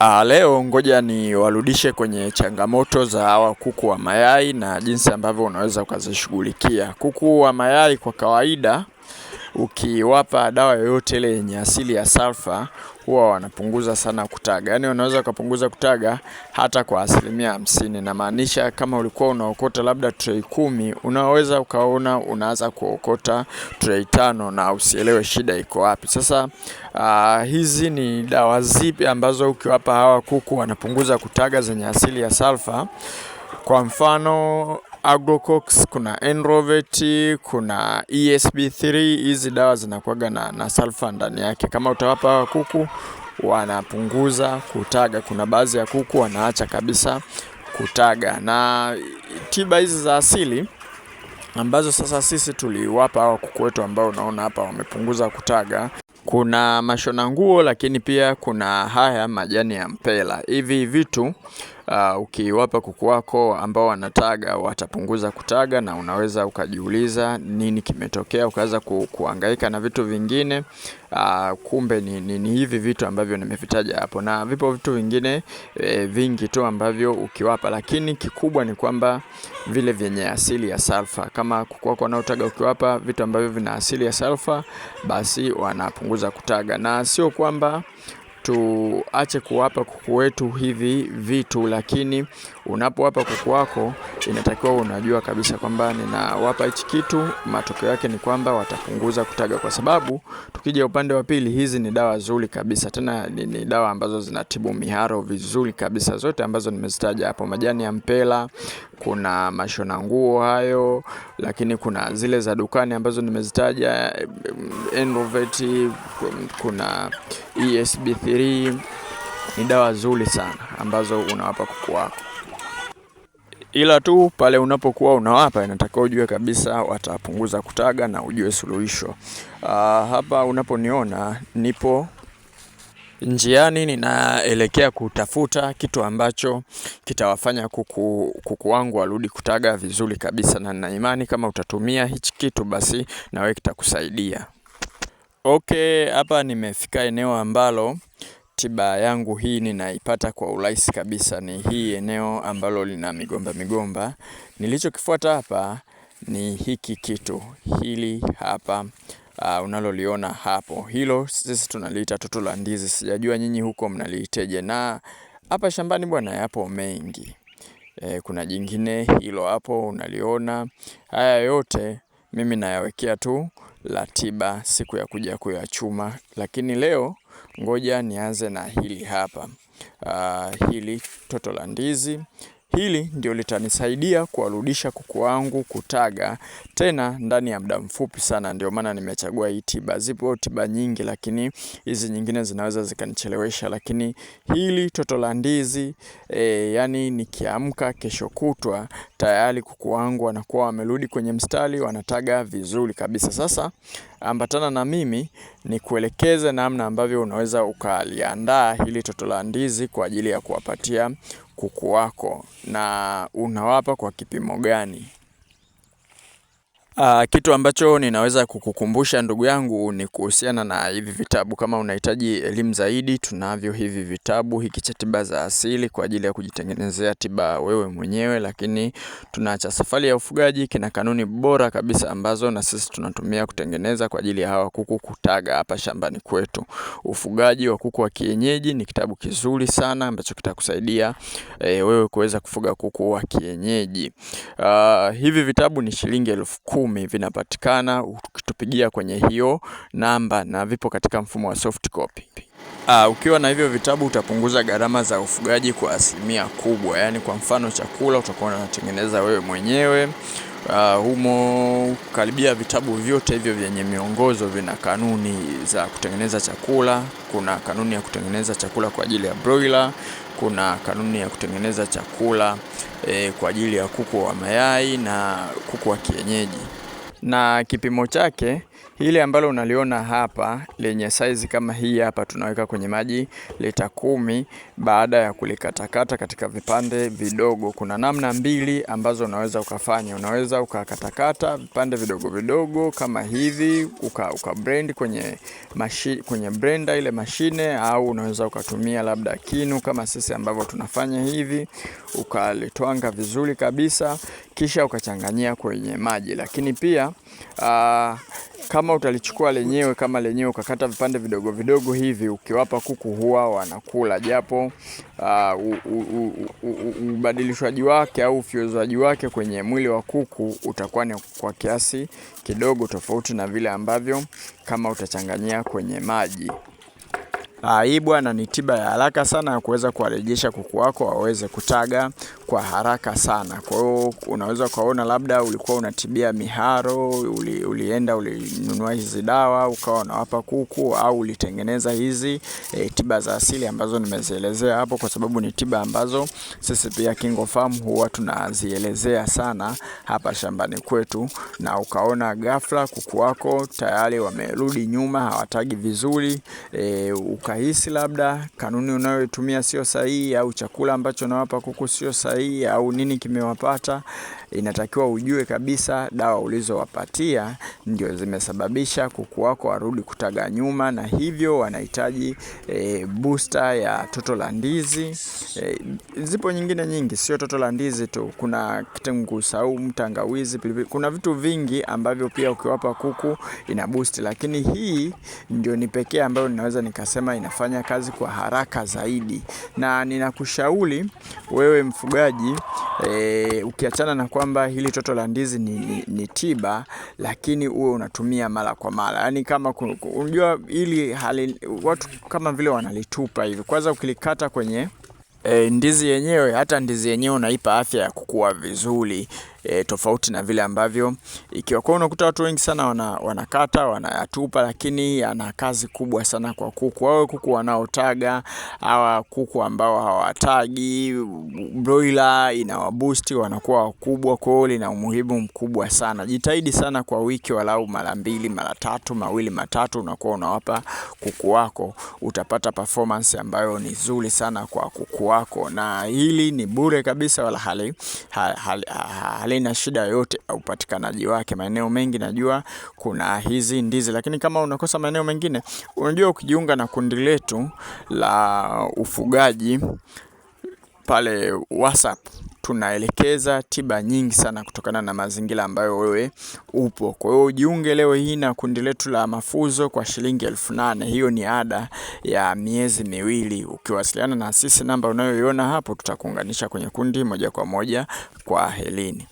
Aa, ah, leo ngoja ni warudishe kwenye changamoto za hawa kuku wa mayai na jinsi ambavyo unaweza ukazishughulikia. Kuku wa mayai kwa kawaida ukiwapa dawa yoyote ile yenye asili ya sulfa huwa wanapunguza sana kutaga, yaani unaweza ukapunguza kutaga hata kwa asilimia hamsini. Namaanisha kama ulikuwa unaokota labda trei kumi, unaweza ukaona unaanza kuokota trei tano na usielewe shida iko wapi. Sasa uh, hizi ni dawa zipi ambazo ukiwapa hawa kuku wanapunguza kutaga zenye asili ya sulfa? Kwa mfano Agrocox, kuna Enrovet, kuna ESB3. Hizi dawa zinakuwaga na, na sulfa ndani yake. Kama utawapa hawa kuku wanapunguza kutaga. Kuna baadhi ya kuku wanaacha kabisa kutaga, na tiba hizi za asili ambazo sasa sisi tuliwapa hawa kuku wetu ambao unaona hapa wamepunguza kutaga kuna mashona nguo, lakini pia kuna haya majani ya mpela. Hivi vitu uh, ukiwapa kuku wako ambao wanataga watapunguza kutaga, na unaweza ukajiuliza nini kimetokea, ukaanza ku, kuangaika na vitu vingine uh, kumbe ni, ni, ni hivi vitu ambavyo nimevitaja hapo, na vipo vitu vingine e, vingi tu ambavyo ukiwapa, lakini kikubwa ni kwamba vile vyenye asili ya salfa. Kama kuku wako wanaotaga ukiwapa vitu ambavyo vina asili ya salfa, basi wanapunguza kutaga, na sio kwamba tuache kuwapa kuku wetu hivi vitu, lakini Unapowapa kuku wako, inatakiwa unajua kabisa kwamba ninawapa hichi kitu, matokeo yake ni kwamba watapunguza kutaga, kwa sababu tukija upande wa pili, hizi ni dawa nzuri kabisa, tena ni, ni dawa ambazo zinatibu miharo vizuri kabisa, zote ambazo nimezitaja hapo, majani ya mpela, kuna mashona nguo hayo, lakini kuna zile za dukani ambazo nimezitaja Enrovet, kuna ESB3 ni dawa nzuri sana ambazo unawapa kuku wako ila tu pale unapokuwa unawapa inatakiwa ujue kabisa watapunguza kutaga na ujue suluhisho. Uh, hapa unaponiona nipo njiani ninaelekea kutafuta kitu ambacho kitawafanya kuku, kuku wangu warudi kutaga vizuri kabisa, na nina imani kama utatumia hichi kitu basi nawe kitakusaidia. Okay, hapa nimefika eneo ambalo Tiba yangu hii ninaipata kwa urahisi kabisa, ni hii eneo ambalo lina migomba migomba. Nilichokifuata hapa ni hiki kitu hili hapa uh, unaloliona hapo, hilo sisi tunaliita tutu la ndizi. Sijajua nyinyi huko mnaliiteje? Na hapa shambani bwana, yapo mengi e, kuna jingine hilo hapo unaliona. Haya yote mimi nayawekea tu ratiba siku ya kuja kuyachuma, lakini leo ngoja nianze na hili hapa. Uh, hili toto la ndizi Hili ndio litanisaidia kuwarudisha kuku wangu kutaga tena ndani ya muda mfupi sana. Ndio maana nimechagua hii tiba. Zipo tiba nyingi, lakini hizi nyingine zinaweza zikanichelewesha, lakini hili toto la ndizi e, yani nikiamka kesho kutwa tayari kuku wangu wanakuwa wamerudi kwenye mstari, wanataga vizuri kabisa. Sasa ambatana na mimi nikuelekeze namna ambavyo unaweza ukaliandaa hili toto la ndizi kwa ajili ya kuwapatia kuku wako na unawapa kwa kipimo gani? Uh, kitu ambacho ninaweza kukukumbusha ndugu yangu ni kuhusiana na hivi vitabu. Kama unahitaji elimu zaidi, tunavyo hivi vitabu, hiki cha tiba za asili kwa ajili ya kujitengenezea tiba wewe mwenyewe, lakini tuna cha safari ya ufugaji, kina kanuni bora kabisa ambazo na sisi tunatumia kutengeneza kwa ajili ya hawa kuku kutaga hapa shambani kwetu. Ufugaji wa kuku wa kienyeji ni kitabu kizuri sana ambacho kitakusaidia e, wewe kuweza kufuga kuku wa kienyeji. Uh, hivi vitabu ni shilingi elfu kumi kumi vinapatikana ukitupigia kwenye hiyo namba na vipo katika mfumo wa soft copy. Aa, ah, ukiwa na hivyo vitabu utapunguza gharama za ufugaji kwa asilimia kubwa. Yaani kwa mfano chakula utakuwa unatengeneza wewe mwenyewe Uh, humo karibia vitabu vyote hivyo vyenye miongozo vina kanuni za kutengeneza chakula. Kuna kanuni ya kutengeneza chakula kwa ajili ya broiler, kuna kanuni ya kutengeneza chakula eh, kwa ajili ya kuku wa mayai na kuku wa kienyeji na kipimo chake hili ambalo unaliona hapa lenye size kama hii hapa, tunaweka kwenye maji lita kumi. Baada ya kulikatakata katika vipande vidogo, kuna namna mbili ambazo unaweza ukafanya. Unaweza ukakatakata vipande vidogo vidogo kama hivi, uka, uka blend kwenye, mashi, kwenye blender ile mashine, au unaweza ukatumia labda kinu kama sisi ambavyo tunafanya hivi, ukalitwanga vizuri kabisa kisha ukachanganyia kwenye maji. Lakini pia aa, ah, kama utalichukua lenyewe kama lenyewe ukakata vipande vidogo vidogo hivi, ukiwapa kuku huwa wanakula, japo ah, ubadilishwaji wake au ufyozwaji wake kwenye mwili wa kuku utakuwa ni kwa kiasi kidogo, tofauti na vile ambavyo kama utachanganyia kwenye maji. Ah, hii bwana ni tiba ya haraka sana ya kuweza kuwarejesha kuku wako waweze kutaga kwa haraka sana. Kwa hiyo unaweza ukaona labda ulikuwa unatibia miharo, uli, ulienda ulinunua hizi dawa ukawa unawapa kuku au ulitengeneza hizi e, tiba za asili ambazo nimezielezea hapo, kwa sababu ni tiba ambazo sisi pia Kingo Farm huwa tunazielezea sana hapa shambani kwetu, na ukaona ghafla kuku wako tayari wamerudi nyuma, hawatagi vizuri e, ukahisi labda kanuni unayoitumia sio sahihi, au chakula ambacho nawapa kuku sio sahihi, au nini kimewapata, inatakiwa ujue kabisa dawa ulizowapatia ndio zimesababisha kuku wako warudi kutaga nyuma, na hivyo wanahitaji e, booster ya toto la ndizi. E, zipo nyingine nyingi, sio toto la ndizi tu, kuna kitunguu saumu, tangawizi, pilipili, kuna vitu vingi ambavyo pia ukiwapa kuku ina boost, lakini hii ndio ni pekee ambayo ninaweza nikasema inafanya kazi kwa haraka zaidi, na ninakushauri wewe mfugaji e, ukiachana na kwamba hili toto la ndizi ni, ni, ni tiba, lakini uwe unatumia mara kwa mara, yaani kama unajua hili hali, watu kama vile wanalitupa hivi. Kwanza ukilikata kwenye e, ndizi yenyewe, hata ndizi yenyewe unaipa afya ya kukua vizuri e, tofauti na vile ambavyo ikiwa. Kwa unakuta watu wengi sana wana, wanakata wanayatupa, lakini ana kazi kubwa sana kwa kuku, wawe kuku wanaotaga hawa kuku ambao hawatagi, broiler inawabusti wanakuwa wakubwa. Kwa hiyo lina umuhimu mkubwa sana. Jitahidi sana kwa wiki walau mara mbili mara tatu mawili matatu, unakuwa unawapa kuku wako, utapata performance ambayo ni nzuri sana kwa kuku wako, na hili ni bure kabisa, wala hali hali halina shida yoyote ya upatikanaji wake. Maeneo mengi najua kuna hizi ndizi, lakini kama unakosa maeneo mengine, unajua ukijiunga na kundi letu la ufugaji pale WhatsApp tunaelekeza tiba nyingi sana kutokana na mazingira ambayo wewe upo. Kwa hiyo ujiunge leo hii na kundi letu la mafuzo kwa shilingi elfu nane. Hiyo ni ada ya miezi miwili. Ukiwasiliana na sisi, namba unayoiona hapo, tutakuunganisha kwenye kundi moja kwa moja kwa helini.